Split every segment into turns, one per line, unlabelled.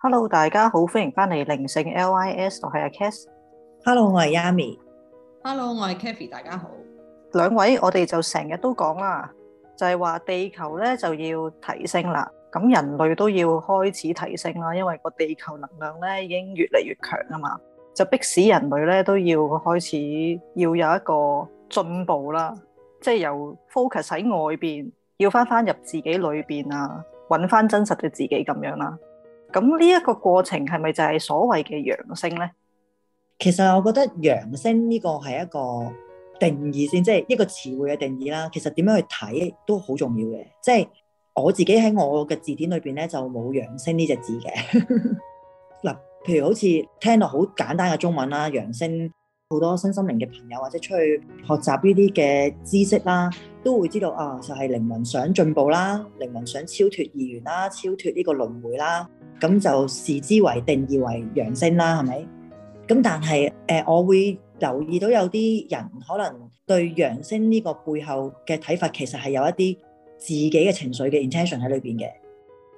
hello，大家好，歡迎翻嚟靈性 LYS，我係阿 Cast，hello，我係 Yami，hello，
我係 Kathy，大家好，
兩位我哋就成日都講啦，就係話地球咧就要提升啦，咁人類都要開始提升啦，因為個地球能量咧已經越嚟越強啊嘛，就逼使人類咧都要開始要有一個進步啦，即係由 focus 喺外邊，要翻翻入自己裏邊啊，搵翻真實嘅自己咁樣啦。咁呢一個過程係咪就係所謂嘅揚升呢？
其實我覺得揚升呢個係一個定義先，即係一個詞彙嘅定義啦。其實點樣去睇，都好重要嘅。即係我自己喺我嘅字典裏邊咧，就冇揚升呢隻字嘅。嗱，譬如好似聽到好簡單嘅中文啦，揚升好多身心靈嘅朋友或者出去學習呢啲嘅知識啦，都會知道啊，就係靈魂想進步啦，靈魂想超脱二元啦，超脱呢個輪回啦。咁就視之為定義為揚升啦，係咪？咁但係誒、呃，我會留意到有啲人可能對揚升呢個背後嘅睇法，其實係有一啲自己嘅情緒嘅 intention 喺裏邊嘅，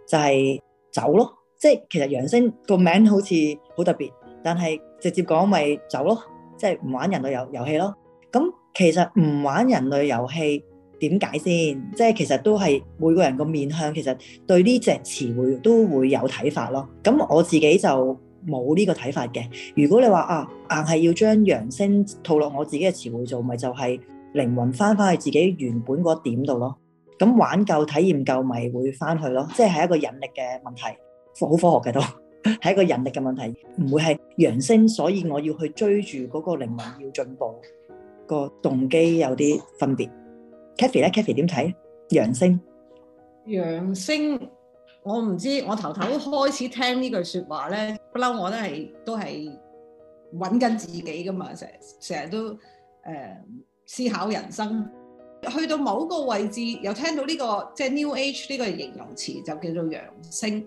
就係、是、走咯。即係其實揚升個名字好似好特別，但係直接講咪走咯，即係唔玩人類遊遊戲咯。咁其實唔玩人類遊戲。點解先？即係其實都係每個人個面向，其實對呢隻詞彙都會有睇法咯。咁我自己就冇呢個睇法嘅。如果你話啊，硬係要將揚升套落我自己嘅詞彙做，咪就係靈魂翻返去自己原本嗰點度咯。咁玩夠、體驗夠，咪會翻去咯。即係一個引力嘅問題，好科學嘅都係 一個引力嘅問題，唔會係揚升。所以我要去追住嗰個靈魂要進步，個動機有啲分別。Kathy 咧，Kathy 點睇？揚升，
揚升，我唔知。我頭頭開始聽呢句説話咧，不嬲、啊、我都係都係揾緊自己噶嘛，成成日都誒、呃、思考人生。去到某個位置，又聽到呢、這個即係、就是、New Age 呢個形容詞，就叫做揚升，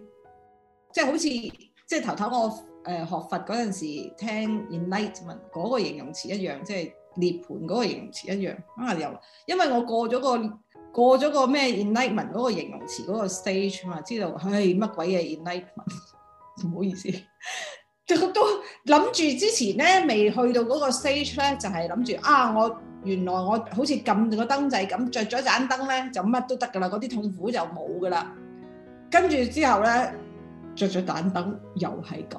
即、就、係、是、好似即係頭頭我。誒學佛嗰陣時，聽 enlightenment e n 嗰個形容詞一樣，即係涅盤嗰個形容詞一樣。啊又，因為我過咗個過咗個咩 enlightenment e n 嗰個形容詞嗰個 stage 嘛，知道唉乜鬼嘢 enlightenment？e n 唔好意思，都都諗住之前咧未去到嗰個 stage 咧，就係諗住啊我原來我好似撳個燈掣咁，着咗盞燈咧就乜都得㗎啦，嗰啲痛苦就冇㗎啦。跟住之後咧，着咗盞燈又係咁。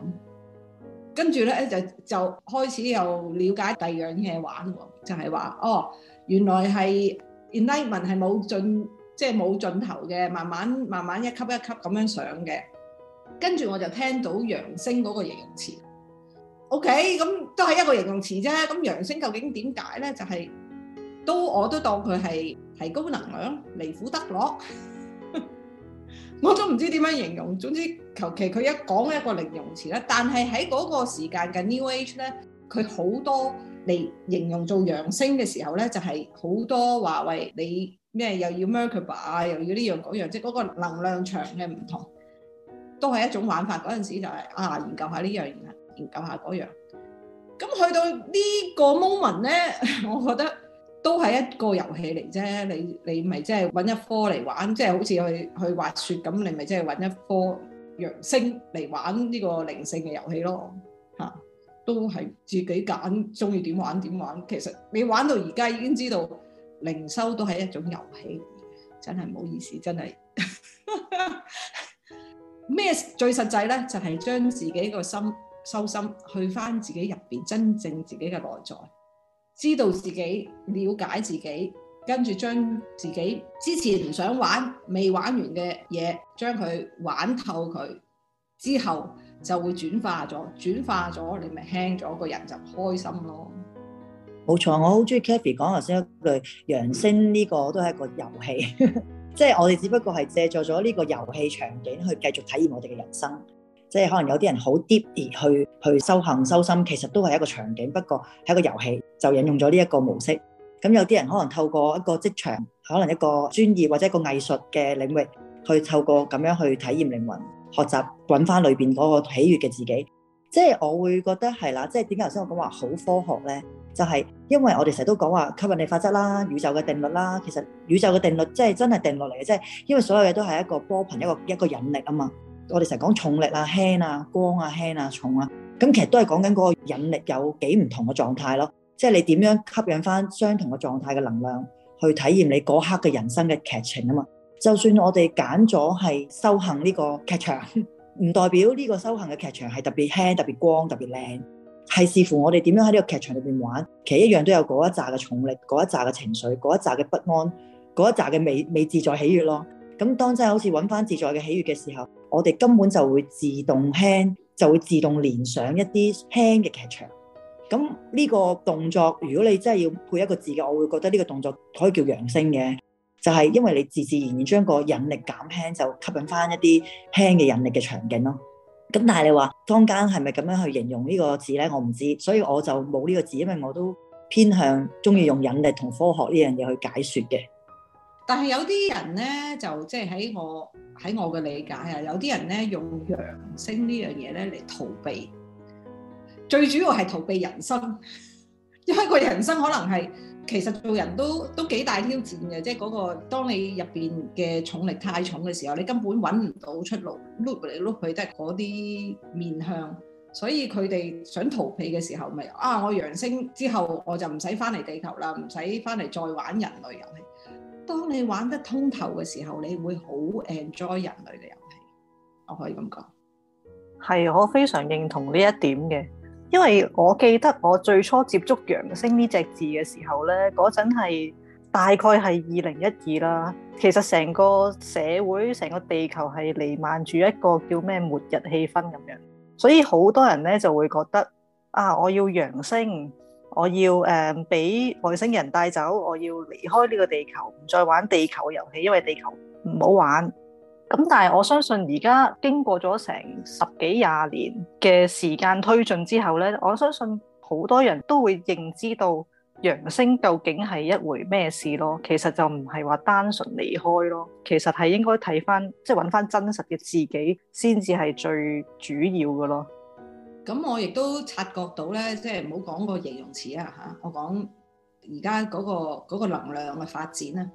跟住咧就就開始又了解第二樣嘢玩喎，就係、是、話哦，原來係 enlightenment 係冇盡，即係冇盡頭嘅，慢慢慢慢一級一級咁樣上嘅。跟住我就聽到揚升嗰個形容詞，OK 咁、嗯、都係一個形容詞啫。咁、嗯、揚升究竟點解咧？就係、是、都我都當佢係提高能量，離苦得樂，我都唔知點樣形容，總之求其佢一講一個形容詞啦。但係喺嗰個時間嘅 New Age 咧，佢好多嚟形容做揚升嘅時候咧，就係、是、好多話喂你咩又要 Mercury 啊，又要呢樣嗰樣，即係嗰個能量場嘅唔同，都係一種玩法。嗰陣時就係、是、啊，研究下呢、這、樣、個，研究下嗰、那、樣、個。咁去到呢個 moment 咧，我覺得。都係一個遊戲嚟啫，你你咪即係揾一科嚟玩，即係好似去去滑雪咁，你咪即係揾一科揚升嚟玩呢個靈性嘅遊戲咯，嚇、啊，都係自己揀中意點玩點玩。其實你玩到而家已經知道，靈修都係一種遊戲，真係唔好意思，真係咩 最實際呢，就係將自己個心收心，去翻自己入邊真正自己嘅內在。知道自己了解自己，跟住將自己之前唔想玩、未玩完嘅嘢，將佢玩透佢，之後就會轉化咗。轉化咗，你咪輕咗個人就開心咯。
冇錯，我好中意 Kathy 講頭先一句，揚升呢個都係一個遊戲，即 係我哋只不過係借助咗呢個遊戲場景去繼續體驗我哋嘅人生。即係可能有啲人好 deep 地去去修行修心，其實都係一個場景，不過係一個遊戲，就引用咗呢一個模式。咁有啲人可能透過一個職場，可能一個專業或者一個藝術嘅領域，去透過咁樣去體驗靈魂、學習揾返裏邊嗰個喜悅嘅自己。即係我會覺得係啦，即係點解頭先我講話好科學咧？就係因為我哋成日都講話吸引力法則啦、宇宙嘅定律啦。其實宇宙嘅定律即係真係定落嚟嘅，即係因為所有嘢都係一個波頻、一個一個引力啊嘛。我哋成日講重力啊、輕啊、光啊、輕啊、重啊，咁其實都係講緊嗰個引力有幾唔同嘅狀態咯。即係你點樣吸引翻相同嘅狀態嘅能量，去體驗你嗰刻嘅人生嘅劇情啊嘛。就算我哋揀咗係修行呢個劇場，唔代表呢個修行嘅劇場係特別輕、特別光、特別靚，係視乎我哋點樣喺呢個劇場裏邊玩，其實一樣都有嗰一紮嘅重力、嗰一紮嘅情緒、嗰一紮嘅不安、嗰一紮嘅未未自在喜悦咯。咁當真係好似揾翻自在嘅喜悅嘅時候，我哋根本就會自動輕，就會自動連上一啲輕嘅劇場。咁呢個動作，如果你真係要配一個字嘅，我會覺得呢個動作可以叫揚升嘅，就係、是、因為你自自然然將個引力減輕，就吸引翻一啲輕嘅引力嘅場景咯。咁但係你話當間係咪咁樣去形容呢個字呢？我唔知，所以我就冇呢個字，因為我都偏向中意用引力同科學呢樣嘢去解説嘅。
但係有啲人咧，就即係喺我喺我嘅理解啊，有啲人咧用揚升呢樣嘢咧嚟逃避，最主要係逃避人生，因為個人生可能係其實做人都都幾大挑戰嘅，即係嗰個當你入邊嘅重力太重嘅時候，你根本揾唔到出路，碌嚟碌去都係嗰啲面向，所以佢哋想逃避嘅時候咪啊，我揚升之後我就唔使翻嚟地球啦，唔使翻嚟再玩人類遊戲。當你玩得通透嘅時候，你會好 enjoy 人類嘅遊戲，我可以咁
講。係，我非常認同呢一點嘅，因為我記得我最初接觸揚升呢隻字嘅時候咧，嗰陣係大概係二零一二啦。其實成個社會、成個地球係瀰漫住一個叫咩末日氣氛咁樣，所以好多人咧就會覺得啊，我要揚升。我要誒俾外星人帶走，我要離開呢個地球，唔再玩地球遊戲，因為地球唔好玩。咁但係我相信而家經過咗成十幾廿年嘅時間推進之後咧，我相信好多人都會認知到揚升究竟係一回咩事咯。其實就唔係話單純離開咯，其實係應該睇翻，即係揾翻真實嘅自己，先至係最
主要嘅咯。咁我亦都察覺到咧，即係唔好講個形容詞啊嚇，我講而家嗰個能量嘅發展咧，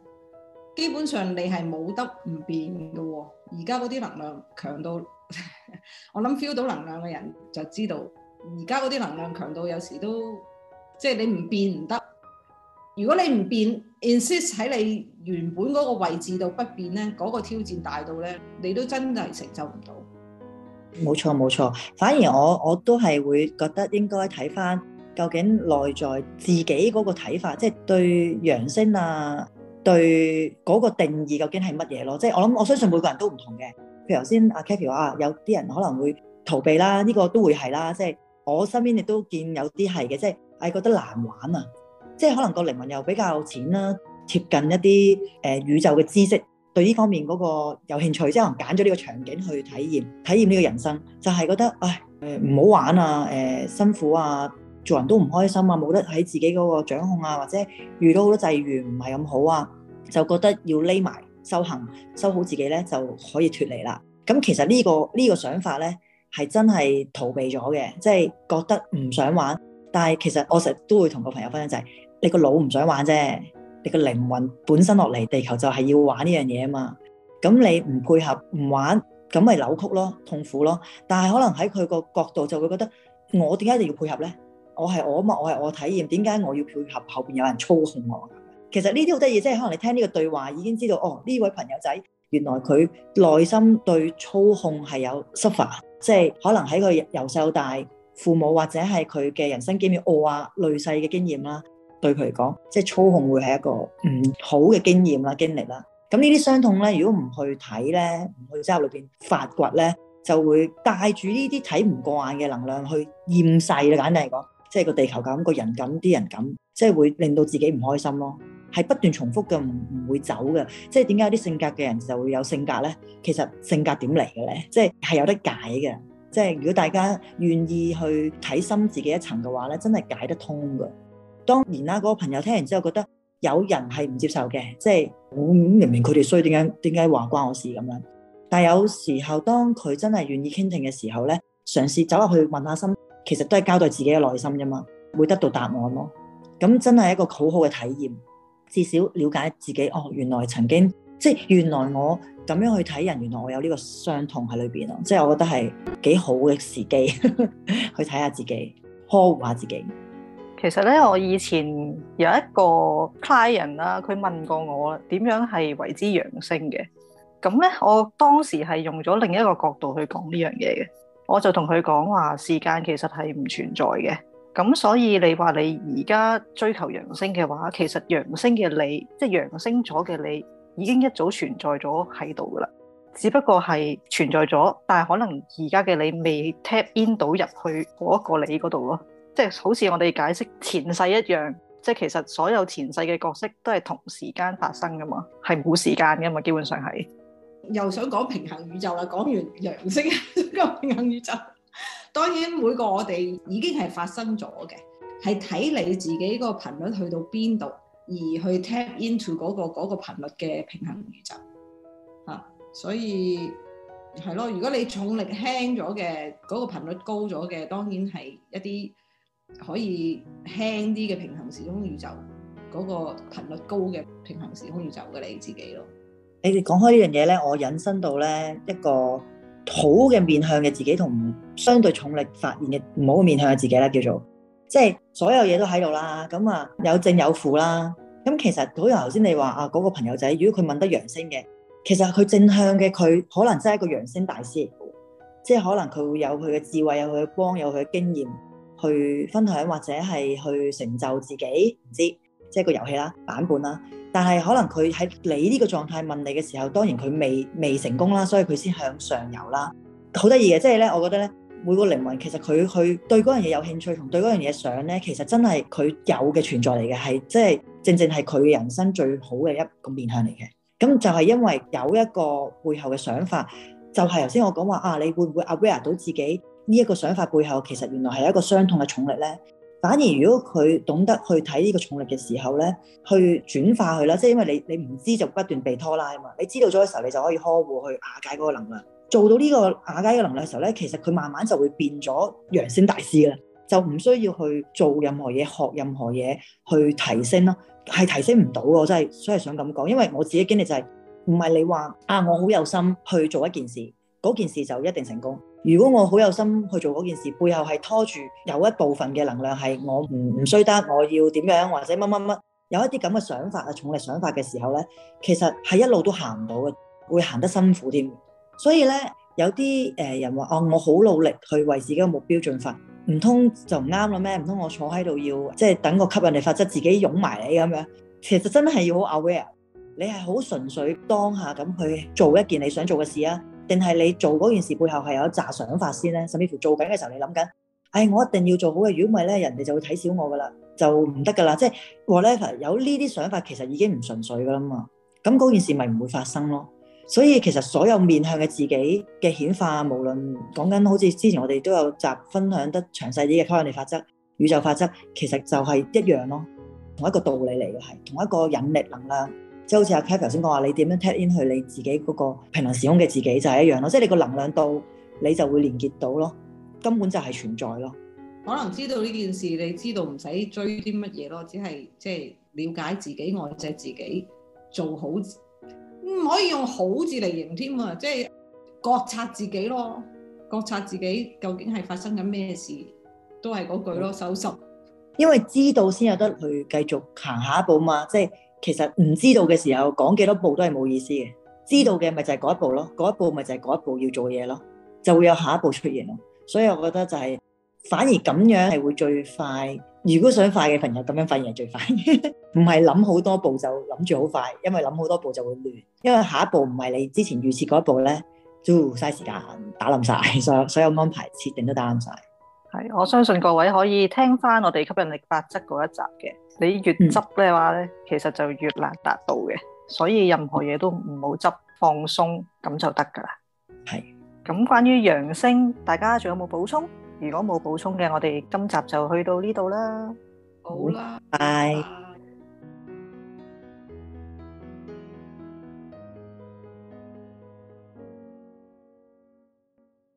基本上你係冇得唔變嘅喎。而家嗰啲能量強到，我諗 feel 到能量嘅人就知道，而家嗰啲能量強到有時都即係、就是、你唔變唔得。如果你唔變，insist 喺你原本嗰個位置度不變咧，嗰、那個挑戰大到咧，你都真係承受唔到。冇
錯冇錯，反而我我都係會覺得應該睇返究竟內在自己嗰個睇法，即係對揚升啊，對嗰個定義究竟係乜嘢咯？即係我諗我相信每個人都唔同嘅。譬如頭先阿 Cappy 話啊，有啲人可能會逃避啦，呢個都會係啦。即係我身邊亦都見有啲係嘅，即係係覺得難玩啊，即係可能嗰個靈魂又比較淺啦，貼近一啲誒宇宙嘅知識，對呢方面嗰個有興趣，即係揀咗呢個場景去體驗，體驗呢個人生，就係覺得，誒，唔好玩啊，誒，辛苦啊，做人都唔開心啊，冇得喺自己嗰個掌控啊，或者遇到好多際遇唔係咁好啊，就覺得要匿埋修行，修好自己咧就可以脫離啦。咁其實呢個呢個想法咧係真係逃避咗嘅，即係覺得唔想玩。但係其實我成日都會同個朋友分享就係，你個腦唔想玩啫。你個靈魂本身落嚟，地球就係要玩呢樣嘢啊嘛！咁你唔配合唔玩，咁咪扭曲咯，痛苦咯。但係可能喺佢個角度就會覺得，我點解一定要配合呢？我係我啊嘛，我係我體驗，點解我要配合後邊有人操控我？其實呢啲好得意，即係可能你聽呢個對話已經知道，哦，呢位朋友仔原來佢內心對操控係有 suffer，即係可能喺佢由細到大，父母或者係佢嘅人生經驗、惡啊、累世嘅經驗啦。對佢嚟講，即係操控會係一個唔好嘅經驗啦、經歷啦。咁呢啲傷痛咧，如果唔去睇咧，唔去之後裏邊發掘咧，就會帶住呢啲睇唔過眼嘅能量去厭世啦。簡單嚟講，即係個地球咁，個人咁，啲人咁，即係會令到自己唔開心咯。係不斷重複嘅，唔唔會走嘅。即係點解有啲性格嘅人就會有性格咧？其實性格點嚟嘅咧？即係係有得解嘅。即係如果大家願意去睇深自己一層嘅話咧，真係解得通嘅。當然啦，嗰個朋友聽完之後覺得有人係唔接受嘅，即係我明明佢哋需要點解點解話關我事咁樣？但係有時候當佢真係願意傾聽嘅時候咧，嘗試走入去問下心，其實都係交代自己嘅內心啫嘛，會得到答案咯。咁真係一個好好嘅體驗，至少了解自己。哦，原來曾經即係原來我咁樣去睇人，原來我有呢個傷痛喺裏邊啊！即係我覺得係幾好嘅時機 去睇下自己，呵護下自己。
其實咧，我以前有一個 client 啦，佢問過我點樣係為之揚升嘅。咁咧，我當時係用咗另一個角度去講呢樣嘢嘅。我就同佢講話，時間其實係唔存在嘅。咁所以你話你而家追求揚升嘅話，其實揚升嘅你，即係揚升咗嘅你，已經一早存在咗喺度噶啦。只不過係存在咗，但係可能而家嘅你未 tap in 到入去嗰一個你嗰度咯。即係好似我哋解釋前世一樣，即係其實所有前世嘅角色都係同時間發生㗎嘛，係冇時間㗎嘛，基本上係。
又想講平行宇宙啦，講完揚升嘅平行宇宙，當然每個我哋已經係發生咗嘅，係睇你自己個頻率去到邊度而去 tap into 嗰個嗰個頻率嘅平行宇宙。啊，所以係咯，如果你重力輕咗嘅，嗰個頻率高咗嘅，當然係一啲。可以輕啲嘅平行時空宇宙，嗰個頻率高嘅平行時空宇宙嘅你自己咯。
你哋講開呢樣嘢咧，我引申到咧一個好嘅面向嘅自己，同相對重力發現嘅唔好嘅面向嘅自己咧，叫做即係所有嘢都喺度啦。咁啊，有正有負啦。咁其實好似頭先你話啊，嗰個朋友仔，如果佢問得揚升嘅，其實佢正向嘅佢，可能真係一個揚升大師嚟，即係可能佢會有佢嘅智慧，有佢嘅光，有佢嘅經驗。去分享或者係去成就自己，唔知即係，就是，個遊戲啦，版本啦。但係可能佢喺你呢個狀態問你嘅時候，當然佢未未成功啦，所以佢先向上游啦。好得意嘅，即係咧，我覺得咧，每個靈魂其實佢去對嗰樣嘢有興趣，同對嗰樣嘢想咧，其實真係佢有嘅存在嚟嘅，係即係正正係佢人生最好嘅一個面向嚟嘅。咁就係因為有一個背後嘅想法，就係頭先我講話啊，你會唔會 aware 到自己？呢一個想法背後其實原來係一個傷痛嘅重力咧，反而如果佢懂得去睇呢個重力嘅時候咧，去轉化佢啦，即係因為你你唔知就不斷被拖拉啊嘛，你知道咗嘅時候你就可以呵護去瓦解嗰個能量，做到呢個瓦解嘅能量嘅時候咧，其實佢慢慢就會變咗揚升大師嘅，就唔需要去做任何嘢、學任何嘢去提升咯，係提升唔到嘅，我真係所以想咁講，因為我自己經歷就係唔係你話啊，我好有心去做一件事。嗰件事就一定成功。如果我好有心去做嗰件事，背後係拖住有一部分嘅能量，係我唔唔需得，我要點樣或者乜乜乜，有一啲咁嘅想法啊、重力想法嘅時候咧，其實係一路都行唔到嘅，會行得辛苦添。所以咧，有啲誒人話哦，我好努力去為自己嘅目標進發，唔通就唔啱啦咩？唔通我坐喺度要即係、就是、等個吸引力法則自己擁埋你咁樣？其實真係要好 aware，你係好純粹當下咁去做一件你想做嘅事啊！定係你做嗰件事背後係有一紮想法先咧，甚至乎做緊嘅時候你諗緊，唉、哎，我一定要做好嘅，如果唔係咧，人哋就會睇小我噶啦，就唔得噶啦。即係 whatever 有呢啲想法，其實已經唔純粹噶啦嘛，咁嗰件事咪唔會發生咯。所以其實所有面向嘅自己嘅顯化，無論講緊好似之前我哋都有集分享得詳細啲嘅吸引力法則、宇宙法則，其實就係一樣咯，同一個道理嚟嘅係，同一個引力能量。即好似阿 k e v i 先講話，你點樣 t a in 去你自己嗰個平衡時空嘅自己就係一樣咯。即係你個能量度，你就會連結到
咯。根本就係存在咯。可能知道呢件事，你知道唔使追啲乜嘢咯，只係即係了解自己，愛著自己，做好唔、嗯、可以用好字嚟形容添啊！即係覺察自己咯，覺察自己究竟係發生緊咩事，都係嗰句咯，守心、嗯。
拾因為知道先有得去繼續行下一步嘛，即係。其實唔知道嘅時候講幾多步都係冇意思嘅，知道嘅咪就係嗰一步咯，嗰一步咪就係嗰一步要做嘢咯，就會有下一步出現咯。所以我覺得就係，反而咁樣係會最快。如果想快嘅朋友咁樣反而係最快，唔係諗好多步就諗住好快，因為諗好多步就會亂，因為下一步唔係你之前預設嗰一步咧，就嘥時間打冧晒。所以所有安排設定都打冧晒。
係，我相信各位可以聽翻我哋吸引力法則嗰一集嘅。你越執咧話咧，其實就越難達到嘅。所以任何嘢都唔好執，放鬆咁就得噶啦。係。咁關於揚升，大家仲有冇補充？如果冇補充嘅，我哋今集就去到呢度啦。好啦，拜。